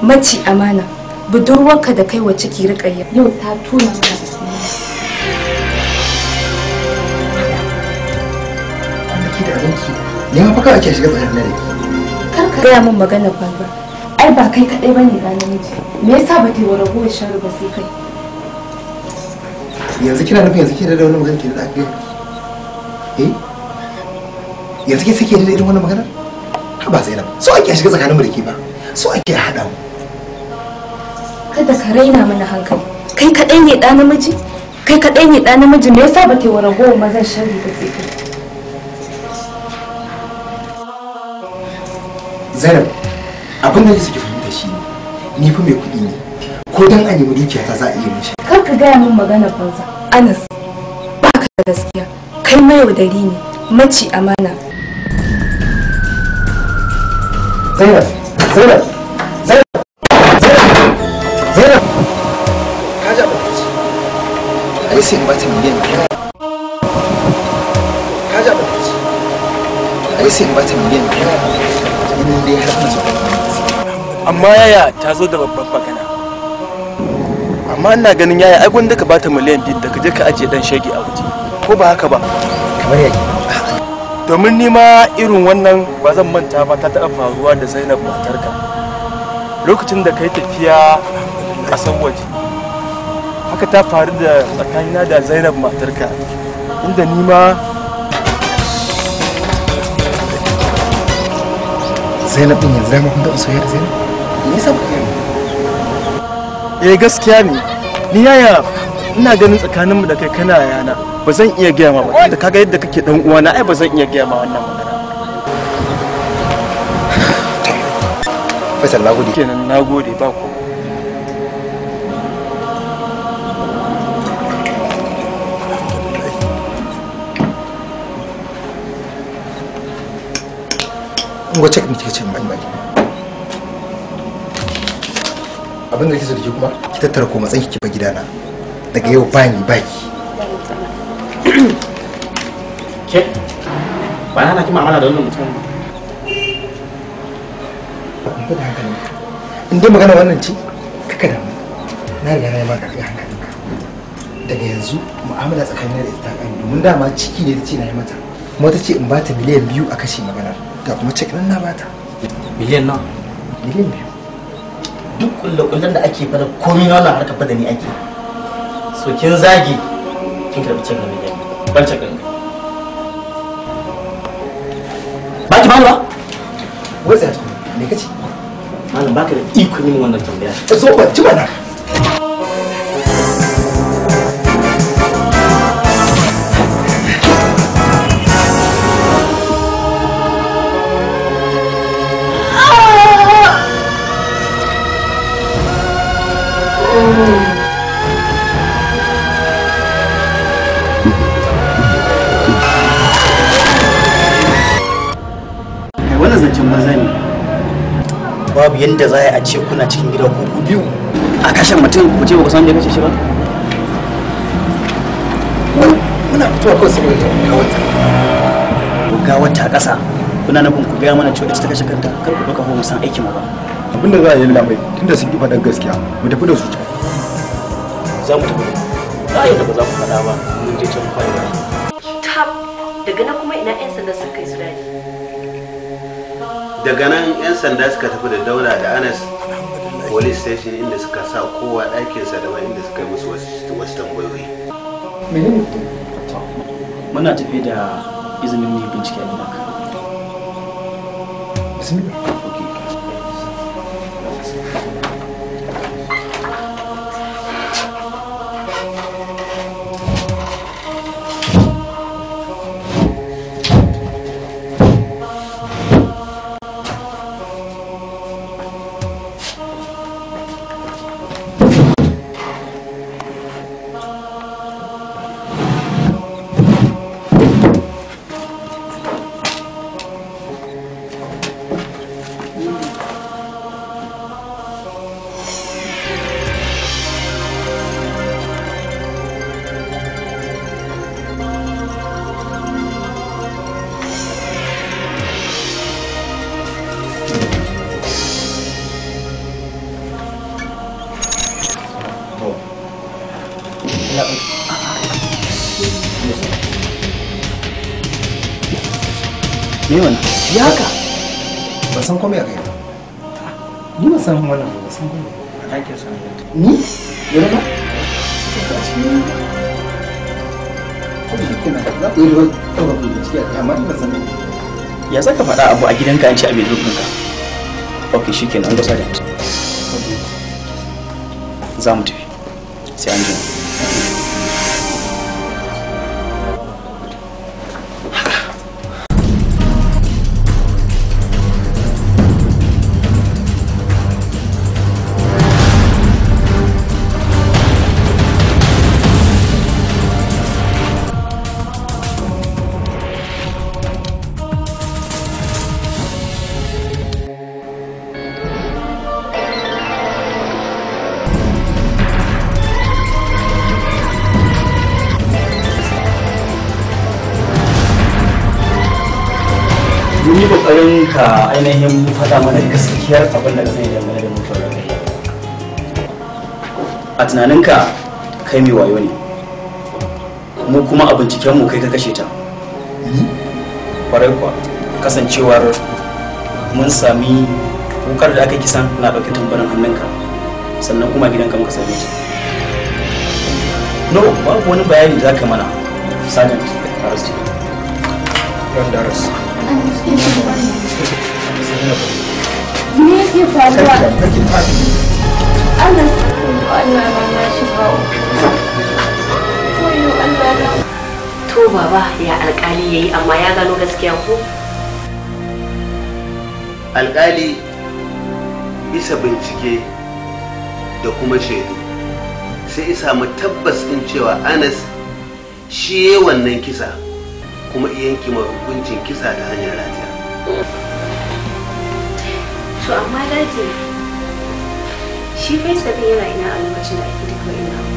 mace amana budurwarka da kai wacce ki rika yau ta tuna ka ya fa ka ake shiga tsakanin da ke kar ka gaya min magana banza ai ba kai kadai bane ranar miji me yasa ba ta yi ragowar sharu ba sai kai yanzu kina nufin yanzu kina da wani magana ke da aka eh yanzu ke sake da irin wannan magana ha ba zainab so ake shiga tsakanin mu da ke ba su ake haɗa mu kada ka raina mana hankali kai kaɗai ne ɗa namiji kai kaɗai ne ɗa namiji me yasa ba ke wa ragowar mazan shari ta sai zainab abin da suke fahimta shi ne ni fa mai kuɗi ne ko dan a nemi dukiya ta za a iya mishi kar ka gaya min magana banza anas ba ka da gaskiya kai mai ne maci amana zainab Zainab Zainab Zainab ka ji abin da ai sai in bata miliyan biyar ka ji abin da ai sai in bata miliyan biyar in dai har ta zo amma yaya ta zo da babban magana amma ina ganin yaya ai gwanda ka bata miliyan biyu da ka je ka ajiye dan shege a waje ko ba haka ba kamar yadda domin nima irin wannan ba zan manta ba ta taɓa faruwa da zainab matarka lokacin da kai tafiya ƙasar waje haka ta faru da tsakanina da zainab matarka inda nima zainab din yanzu dama kun taɓa soyayyar zainab me yasa kuke eh gaskiya ne ni yaya ina ganin tsakaninmu da kai kana yana ba zan iya gaya ma ba da kaga yadda kake dan uwana ai ba zan iya gaya ma wannan magana Faisal nagode kenan nagode ba ku Ngo check kike kitchen bani bani abin da kike so da kuma ki tattara ko matsayin ki ba gidana daga yau bani baki ke ba na ki ma'amala da wannan mutum ba ku da hankali in dai magana wannan ce kaka da na riga na yi maka kai hankali daga yanzu mu'amala tsakanin da ita kan domin dama ciki ne ta ce na yi mata kuma ta ce in ba ta miliyan biyu a kashe maganar ga kuma cek nan na bata miliyan nawa miliyan biyu duk kullakullan da ake fara komai na wannan harkar fada ni ake so kin zagi kin karbi cek na miliyan wancan ɗin ba ki malama wai tsaya me kace malam baka da ikon yin wannan tambaya so ba ci ba na zancen maza ne babu yadda za a ce kuna cikin gida ku biyu a kashe mutum ku ce ba ku san da kashe shi ba muna fitowa ko sai ga wata ga wata a ƙasa kuna nufin ku ga mana cewa ita ta kashe kanta kar ku ɗauka mu san aikin ba abin da za a yi labai tunda sun ki faɗar gaskiya mu tafi da su za mu tafi ba a da ba za mu faɗa ba mun je can kwana daga na kuma ina 'yan sanda sun kai su dai daga nan 'yan sanda suka tafi da daula da anas police station inda suka sa kowa ɗakinsa da inda suka yi musu wasu tambayoyi muna tafi da izinin ne bincike a gidanka me wani ya ka? ba san komai a kai ba ni ba san wannan ba san komai a ɗakin sa ni yau ba ko yi da da san ya saka faɗa abu a gidanka an ci a dukkan ka ok shi an gasa da za mu tafi sai an jima ainihin fata mana gaskiyar abin da zai sani dangane da mutuwar ragayya a tunaninka kai mai wayo ne mu kuma a bincikenmu kai ka kashe ta kwarai kuwa kasancewar mun sami wukar da aka kisan na ɗauki tambarin hannunka sannan kuma gidanka muka same ta no babu wani bayani za ka mana sergeant arrested. Ram Daras. Me yake faruwa? Allah Allah na na shi bawo. Koyo Allah na. To baba ya alkali yayi amma ya gano gaskiya ko? Alkali bisa bincike da kuma shaidu sai isa mu tabbas din cewa Anas shi wannan kisa kuma iya yanki hukuncin kisa ta hanyar ratiya. To amma daji shi Faisal yana ina a lokacin da ake duk wani abu.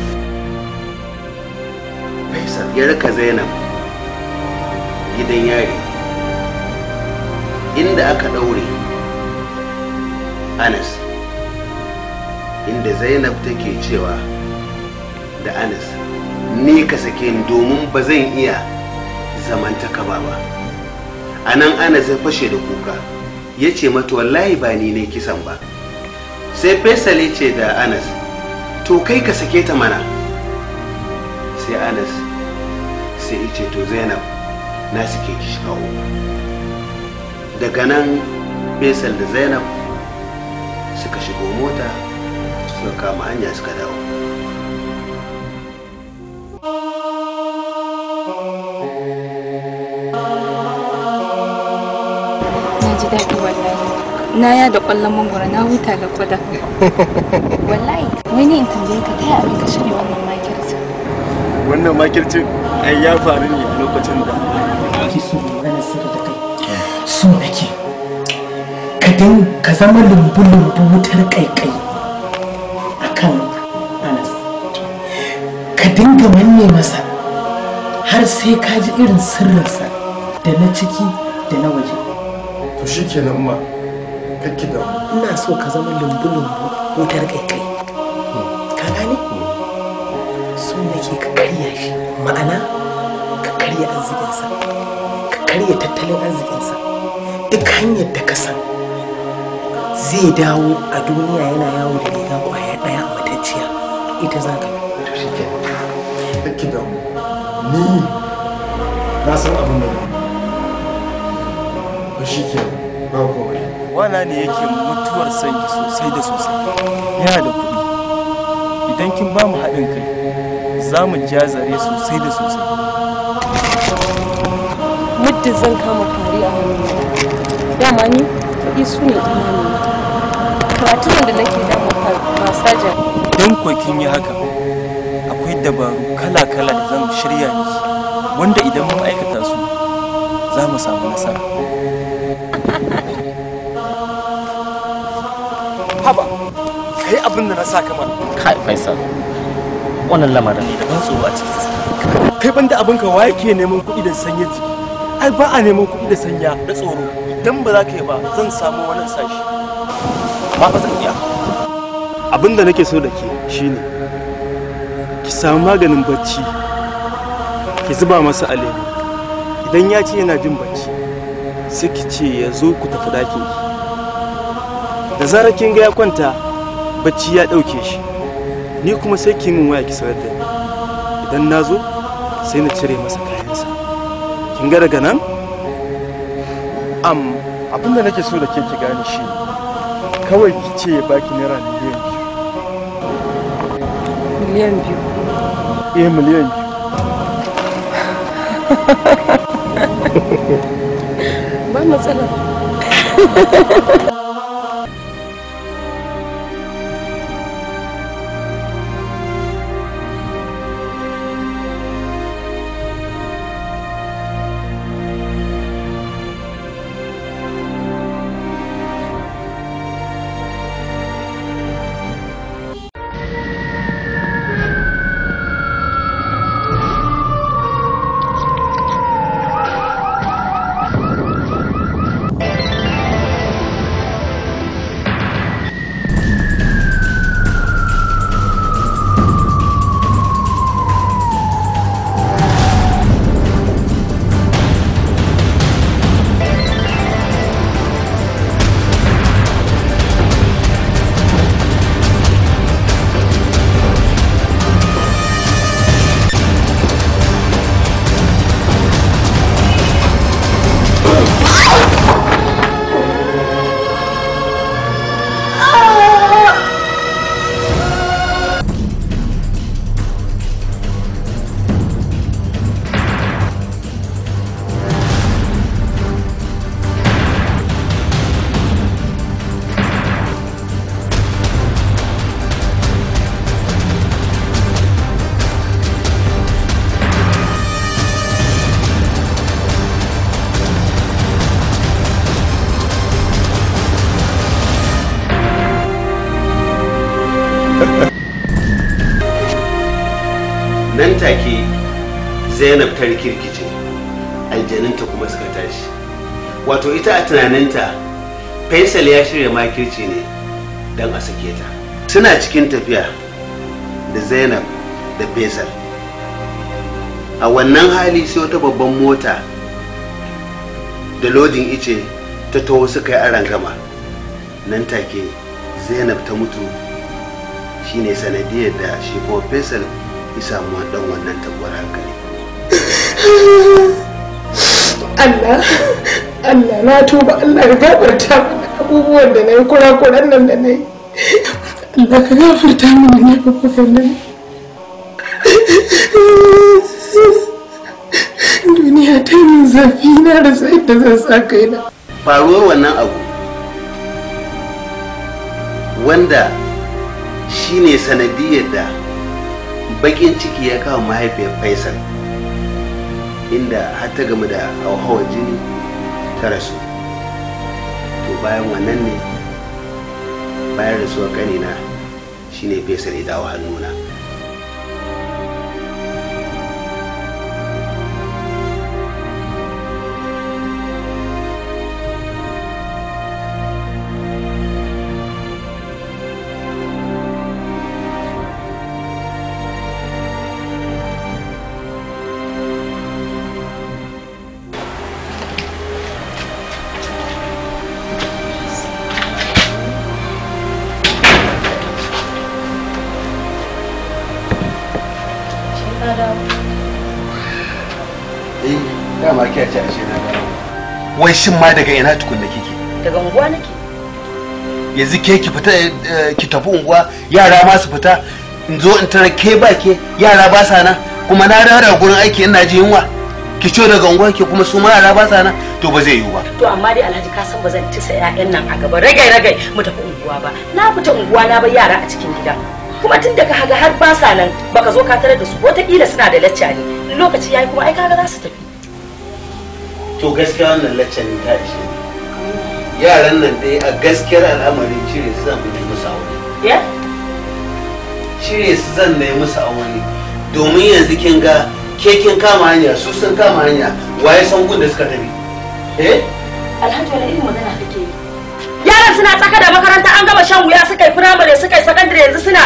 Faisal ya raka Zainab gidan yari inda aka ɗaure Anas inda Zainab take cewa da Anas ni ka sake ni domin ba zan iya zamantaka ba ba. A nan Anas ya fashe da kuka. ya ce mata wallahi ba ni ne kisan ba sai faisal ya ce da anas to kai ka sake ta mana sai anas sai ya ce to zainab na suke kawo daga nan faisal da zainab suka shigo mota suka kama hanya suka dawo na ya da kwallon mangoro na huta da kwada wallahi wani in tambaye ka taya abin ka shirya wannan makircin wannan makircin ai ya faru ne a lokacin da kake so magana sirri da kai so nake ka dan ka zama lumbu lumbu wutar kaikai akan Anas ka dinga manne masa har sai ka ji irin sirrinsa da na ciki da na waje to shikenan ma ta kidan ina so ka zama lumbu lumbu wutar kai kai ka gane so nake ka karya shi ma'ana ka karya arzikinsa ka karya tattalin arzikinsa duk hanyar da ka san zai dawo a duniya yana yawo da riga kwaya daya a matacciya ita za ka ni na san abin da ba shi kenan wala ne yake mutuwar son ki sosai da sosai yana da kuɗi idan kin ba mu haɗin kai za mu jazare sosai da sosai muddin zan kama fari a hannu dama ni kuɗi su ne imani karatun da nake masa jan don kwakin kin yi haka akwai dabaru kala-kala da zan shirya miki wanda idan mun aikata su za mu samu nasara ka yi abin da na sa kamar kai faisal wannan lamarin ne da ban tsoro a cikin kai banda abin ka waye ke neman kuɗi da sanya jiki ai ba a neman kuɗi da sanya da tsoro idan ba za ka yi ba zan samu wani sashi ba fa zan iya abin da nake so da ke shine ki samu maganin bacci ki zuba masa alewa idan ya ce yana jin bacci sai ki ce ya zo ku tafi dakin ki da zarar kin ga ya kwanta bacci ya ɗauke shi ni kuma sai ki min waya ki sanar da ni idan na zo sai na cire masa kayansa kin ga daga nan am abin da nake so da ke ki gane shi kawai ki ce ya baki naira miliyan biyu miliyan biyu eh miliyan biyu ba matsala ita a tunaninta faisal ya shirya makirci ne don a sake ta suna cikin tafiya da zainab da faisal a wannan hali sai wata babban mota da lodin ice ta taho suka kai aran gama nan take zainab ta mutu shine sanadiyar da shi kuma faisal ya samu dan wannan tabuwar hankali Allah Allah na tuba Allah ka gafarta abubuwan da na yi kurakuran nan da na yi Allah ka gafarta min ne babban nan duniya ta yi zafi na da sai da zan sa kaina faruwar wannan abu wanda shine sanadiyar da bakin ciki ya kawo mahaifiyar faisal inda har ta gamu da hauhawar jini ta rasu to bayan wannan ne bayan rasuwar kanina shine fesa ya dawo hannuna shin ma daga ina tukunna kike daga unguwa nake yanzu ke ki fita eh, ki tafi unguwa yara ma su fita in zo in tara ke ba ke yara ba sa na kuma na da daga gurin aiki ina ji yunwa ki ciyo daga unguwa ke kuma su ma yara ba sa na to ba zai yiwu ba to amma dai alhaji ka san ba zan tisa ƴaƴan nan a gaba ragai ragai mu tafi unguwa ba na fita unguwa na ba yara a cikin gida kuma tun daga haga har ba sa nan baka zo ka tarar da su wataƙila suna da lacca ne lokaci yayi kuma ai kaga za su tafi to gaskiya wannan laccan ta ishe yaran nan dai a gaskiyar al'amarin cire su zan nemi musu aure cire su zan nemi musu aure domin yanzu kin ga ke kin kama hanya su sun kama hanya waye san gun da suka tafi eh alhaji wala irin magana kake yi yaran suna tsaka da makaranta an gama shan wuya suka yi firamare suka yi sakandare yanzu suna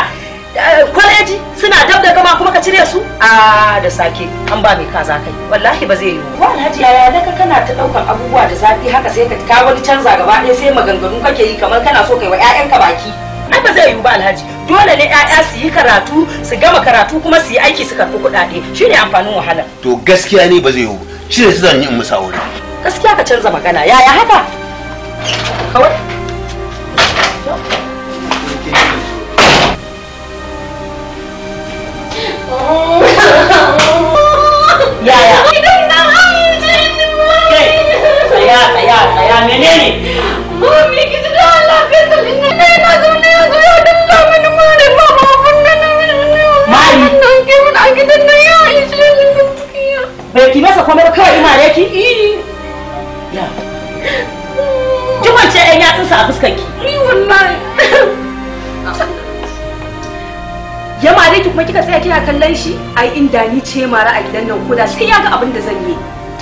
Eh, kwaleji suna dab da gama kuma ka cire su a da sake an ba mai kaza kai wallahi ba zai yi ba alhaji yaya daga kana ta daukan abubuwa da zafi haka sai ka ka wani canza gaba ɗaya sai maganganu kake yi kamar kana so kai wa ƴaƴanka baki ai ba zai yi ba alhaji dole ne ƴaƴa su yi karatu su gama karatu kuma su yi aiki su karɓi kuɗaɗe shine amfanin wahala to gaskiya ne ba zai yi shi ne zan yi in musa gaskiya ka canza magana yaya haka kawai kina kallon shi ai inda ni ce mara a gidan nan koda sai ya ga abin da zan yi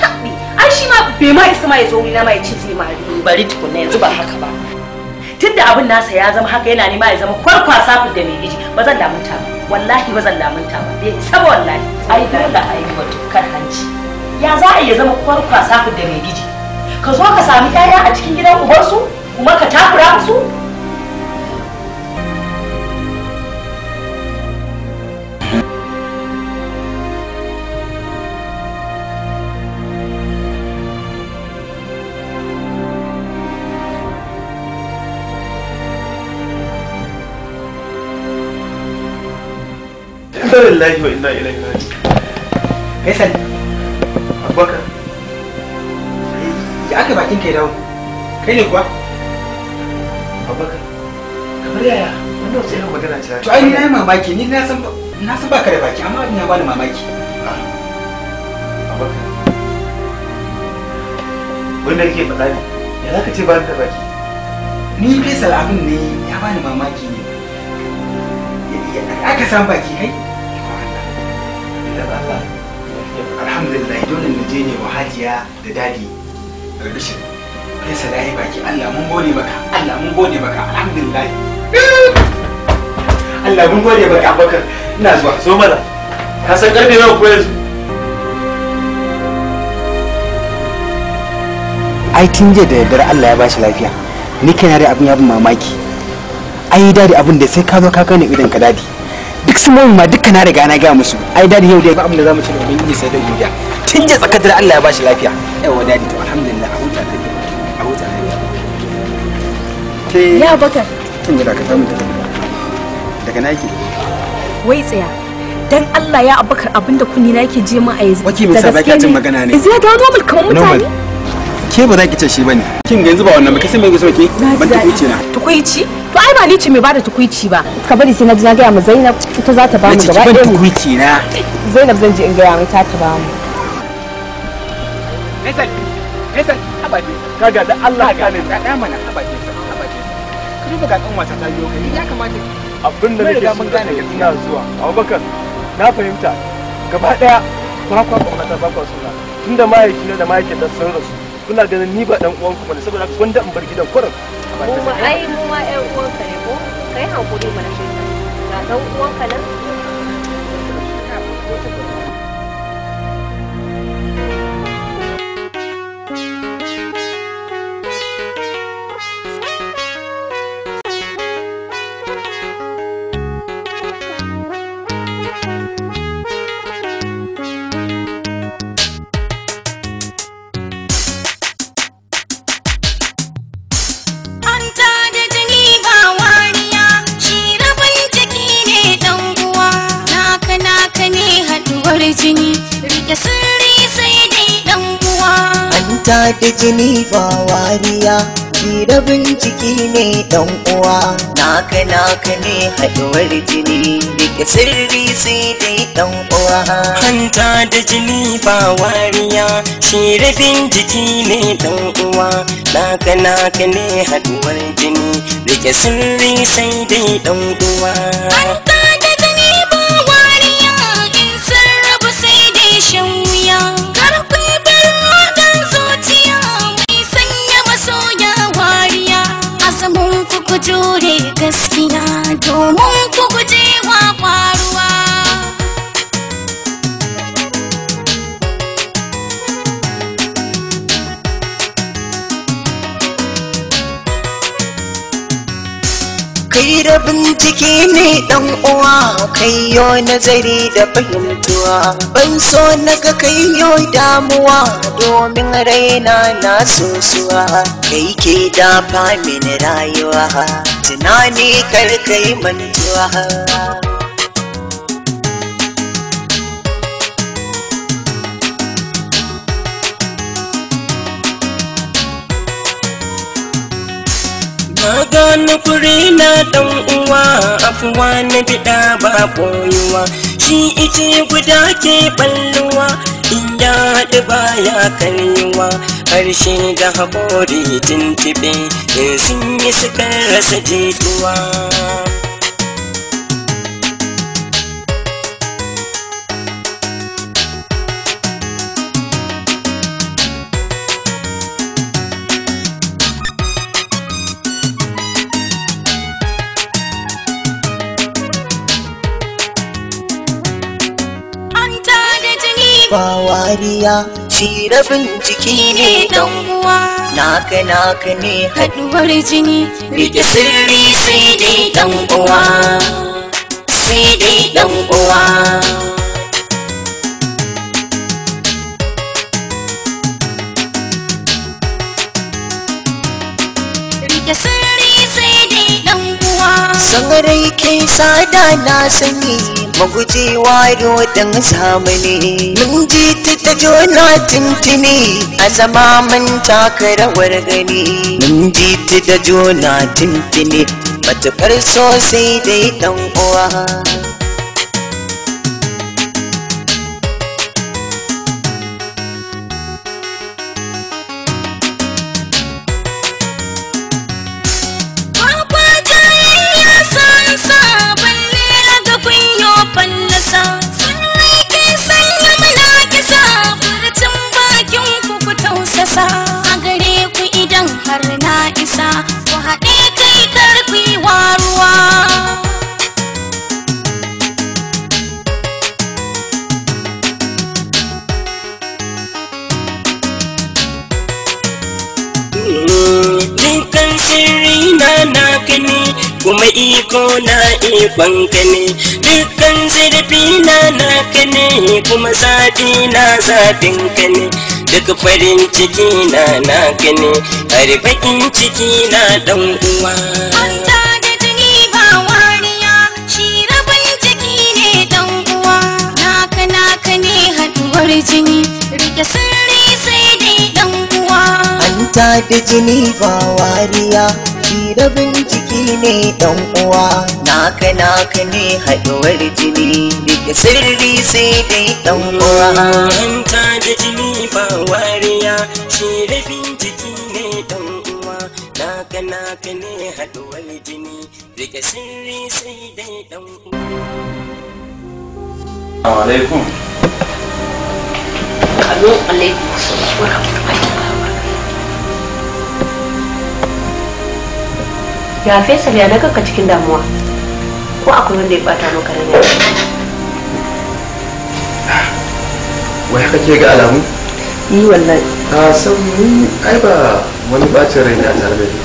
tabbi ai shi ma bai ma isa ma ya zo na ma ya ce zai ma bari tukunna yanzu ba haka ba tunda abin nasa ya zama haka yana nema ya zama kwarkwasa ku da mai iji ba zan lamunta ba wallahi ba zan lamunta ba bai isa ba wallahi ai dole ai ba tukar hanci ya za a iya zama kwarkwasa ku da mai iji ka zo ka sami 'ya'ya a cikin gidan ubansu kuma ka takura su lillahi wa inna ilaihi raji'un faisal abubakar ya aka bakin kai dawo kai ne kuwa abubakar kamar yaya wannan sai irin magana ce to ai ni na yi mamaki ni na san na baka da baki amma abin ya bani mamaki ah. wanda faɗa ne ya ka ce bani da baki ni fesa abin ne ya bani mamaki ne aka san baki kai dole na je ne wa hajiya da dadi albishir kai salahi baki Allah mun gode maka Allah mun gode maka alhamdulillah Allah mun gode maka abakar ina zuwa zo mana ka san karfe nawa ko yanzu ai tun da yaddar Allah ya bashi lafiya ni kaina da abin ya mamaki ai dadi abin da sai ka zo ka kane idan ka dadi duk su momi ma dukkan na riga na gaya musu ai dadi yau dai ba abin da zamu ci domin yi sai da godiya tun je tsakar da Allah ya bashi lafiya yawa dadi to alhamdulillah a huta kai a huta kai ya bakar tun da ka samu daga naki wai tsaya dan Allah ya abakar abinda kuni na yake je mu a yanzu wake mai sabaki cin magana ne zai dawo normal kamar mutane ke ba za ki ce shi bane kin ga yanzu ba wannan ba kasan mai gusa ke ban tukuici na kuici to ai ba ni ce mai bada tukuici ba ka bari sai na ji na gaya ma Zainab ita za ta ba mu gaba ɗaya tukuici na Zainab zan je in gaya mai ta ta ba mu Faisal Faisal abaje kaga da Allah ka ne ka mana abaje ka duba ga kan wata ta yi kai ya abin da nake mun gane zuwa Abubakar na fahimta gaba ɗaya kwa suna tunda mahaifi na da mahaifiyar sun rasu kuna ganin ni ba dan uwan ku bane saboda da in bar gidan kurin mu ma ai mu ma ɗan uwan ka ne ko kai hankuri mana shi ga dan uwan ka nan da jini ba wariya shi da binciki ne dan uwa naka naka ne haɗuwar jini riƙe sirri sai dai dan uwa hanta da jini ba wariya shi da jiki ne dan uwa naka naka ne haɗuwar jini da sirri sai dai dan uwa gaskiya domin ku gujewa hira bincike ne dan uwa kaiyo nazari da fahimtuwa ban so na ga kaiyo damuwa domin raina na sosuwa kai ke dafa min rayuwa tunani kar kai mantuwa ka gani na dan uwa afuwa na biɗa ba koyuwa shi ice guda ke balluwa in ya ba baya karyuwa harshe da haƙori tuntube in sun yi sukan rasa jituwa kariya shi rabin jiki ne don uwa naka naka ne haduwar jini rike sirri sai dai dan uwa sai dai dan uwa Sangarai ke sada na sanyi magujewa dan zamani mun ji ta ta jona tintini a zama mun taka rawar gani mun ji ta jona tintini matukar sosai dai dan uwa Bankane dukkan zurfi na naka ne kuma zafi na zafin ka ne duk farin ciki na naka ne har bakin ciki na dan uwa jini rike sirri sai dai dan uwa an da jini ba wariya shi rabin ne dan uwa naka naka ne haɗuwar jini duka sirri sai dai dan uwa yanta da jini ba wariya shi rabin jiki ne dan uwa naka naka ne haɗuwar jini duka sirri sai dai dan uwa alaikum alaikum alaikum ya fesa ya naga ka cikin damuwa ko akwai wanda ya bata maka rana wai kake ga alamu yi eh, wallahi a san mu ai ba wani bacin rai ne a tare da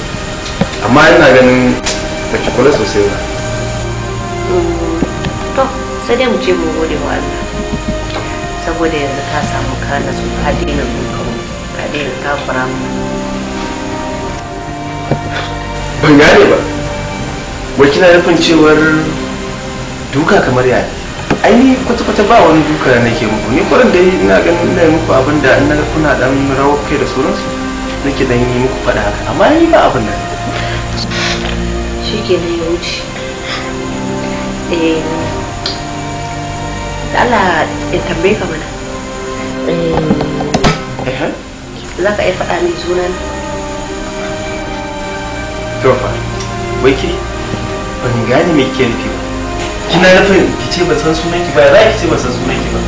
amma ina ganin ba ki kula sosai ba mm, to sai dai mu ce mu gode wa Allah saboda yanzu ka samu kana su ka daina mun ka daina mu ban ne ba wai kina nufin cewar duka kamar yaya ai kwata-kwata ba wani duka da nake muku ni kwarin dai ina ganin ina muku abin da na kuna dan rawar kai da sauransu nake dan yi muku faɗa haka amma ni ba abin nan shi ke na ya wuce eh, da ala ya tambaye ka mana eh, za ka iya faɗa min sunan tofa wai ke ban gane me kike ba kina nufin ki ce ban san sunan ki ba za ki ce ban san sunan ki ba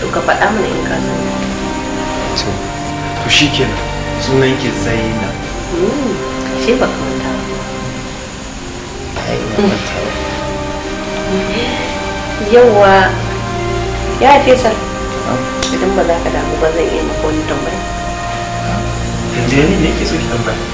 to ka faɗa mana in ka san to to shikenan sunan ki Zainab hmm, shi ba ka manta ba ai na manta yawa idan ba za ka damu ba zan iya maka wani tambaya yanzu ne ke so ki tambaya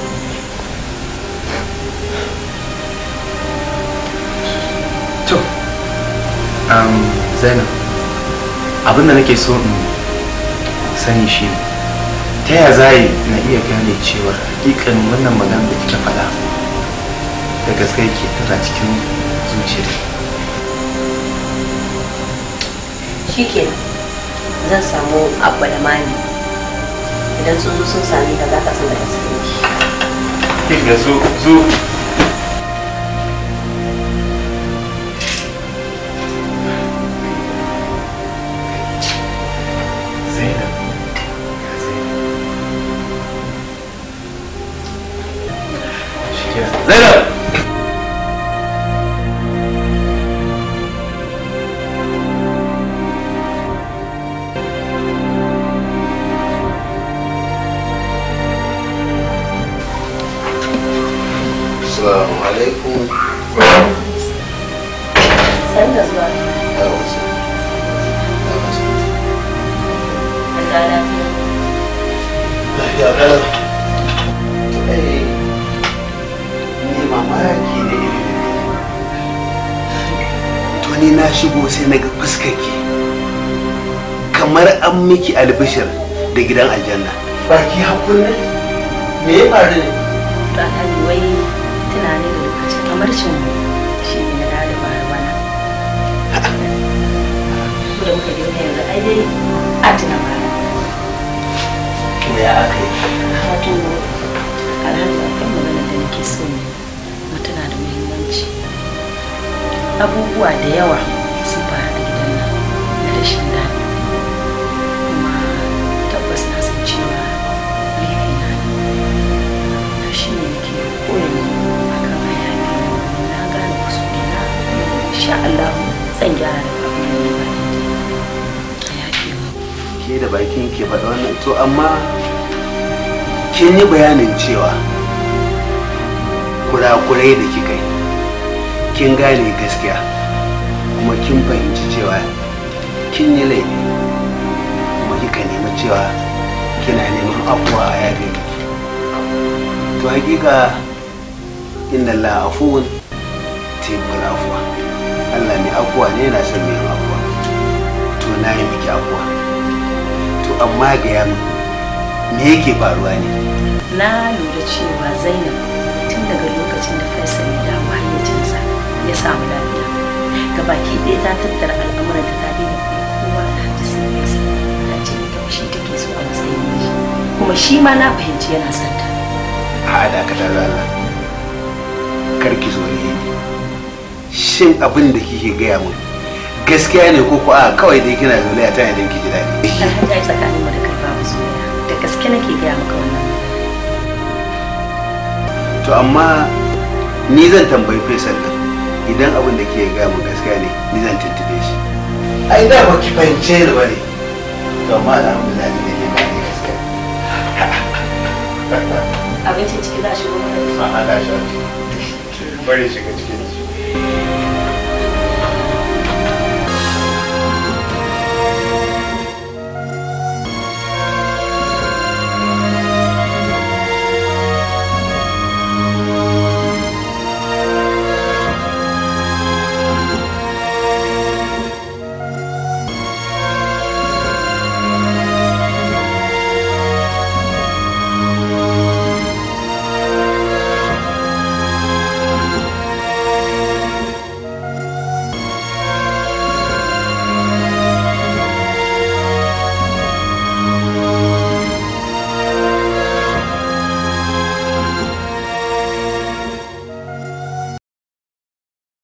um, zainab abin da nake so in sani shi ta yaya za na iya gane cewa hakikan wannan magana da kika faɗa da gaske ke tana cikin zuciyar. shi zan samu abu da mani idan sun zo sun sami da za ka san da gaske ne zo zo miki albishir da gidan aljanna baki hakun ne me ya faru ne ba hali wai tunani da lokaci kamar shin shi ne na da bara bana da muka girka yanzu ai dai a tuna bara to ya aka yi wato alhamdulillah kan magana da nake so ne mutuna da muhimmanci abubuwa da yawa insha Allah zan gyara da ke da bakin ke faɗa wannan to amma kin yi bayanin cewa kurakurai da kika yi kin gane gaskiya kuma kin fahimci cewa kin yi laifi kuma kika nemi cewa kina neman afuwa a yare to hakika inda la'afuwun tebul afuwa Allah ne afuwa ne yana son mai afuwa to na yi miki akuwa to amma ga ya me yake faruwa ne na lura cewa zainab tun daga lokacin da faisal ya dawo hayyacinsa ya samu lafiya baki ɗaya ta tattara al'amuran ta da kowa da hajji sai ta ce shi take so a matsayin shi kuma shi ma na fahimci yana santa a'a da ka Allah karki zo ne shin abin da kike gaya mun gaskiya ne ko ko kawai dai kina zaune a ta idan kike daɗi na hanya tsakanin mu da kai babu soyayya da gaske nake gaya maka wannan to amma ni zan tambayi Faisal din idan abin da kike gaya mun gaskiya ne ni zan tuntube shi ai da ba ki fahimce ni bane to amma alhamdulillah ne ke ne gaskiya abincin ciki za shi goma da a hada shi bari shiga cikin ciki